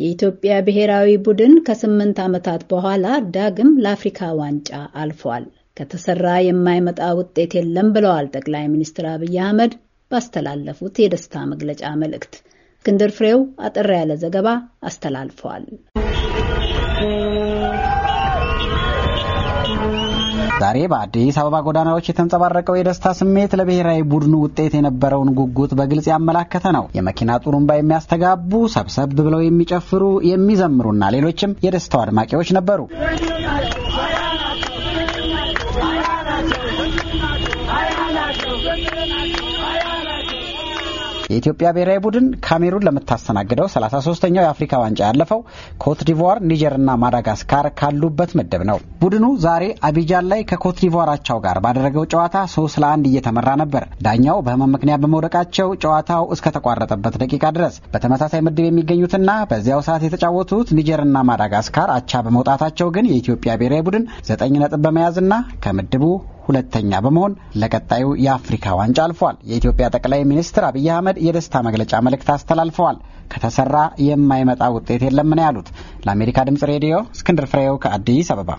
የኢትዮጵያ ብሔራዊ ቡድን ከስምንት ዓመታት በኋላ ዳግም ለአፍሪካ ዋንጫ አልፏል። ከተሰራ የማይመጣ ውጤት የለም ብለዋል ጠቅላይ ሚኒስትር አብይ አህመድ ባስተላለፉት የደስታ መግለጫ መልእክት። እስክንድር ፍሬው አጠር ያለ ዘገባ አስተላልፏል። ዛሬ በአዲስ አበባ ጎዳናዎች የተንጸባረቀው የደስታ ስሜት ለብሔራዊ ቡድኑ ውጤት የነበረውን ጉጉት በግልጽ ያመላከተ ነው። የመኪና ጡሩምባ የሚያስተጋቡ፣ ሰብሰብ ብለው የሚጨፍሩ፣ የሚዘምሩና ሌሎችም የደስታው አድማቂዎች ነበሩ። የኢትዮጵያ ብሔራዊ ቡድን ካሜሩን ለምታስተናግደው 33ኛው የአፍሪካ ዋንጫ ያለፈው ኮት ኒጀርና ማዳጋስካር ካሉበት ምድብ ነው። ቡድኑ ዛሬ አቢጃን ላይ ከኮት ዲቮራቸው ጋር ባደረገው ጨዋታ ሶስት ለአንድ እየተመራ ነበር። ዳኛው በህመም ምክንያት በመውደቃቸው ጨዋታው እስከተቋረጠበት ደቂቃ ድረስ በተመሳሳይ ምድብ የሚገኙትና በዚያው ሰዓት የተጫወቱት ኒጀርና ማዳጋስካር አቻ በመውጣታቸው ግን የኢትዮጵያ ብሔራዊ ቡድን ዘጠኝ ነጥብ በመያዝና ከምድቡ ሁለተኛ በመሆን ለቀጣዩ የአፍሪካ ዋንጫ አልፏል። የኢትዮጵያ ጠቅላይ ሚኒስትር አብይ አህመድ የደስታ መግለጫ መልእክት አስተላልፈዋል። ከተሰራ የማይመጣ ውጤት የለም ነው ያሉት። ለአሜሪካ ድምጽ ሬዲዮ እስክንድር ፍሬው ከአዲስ አበባ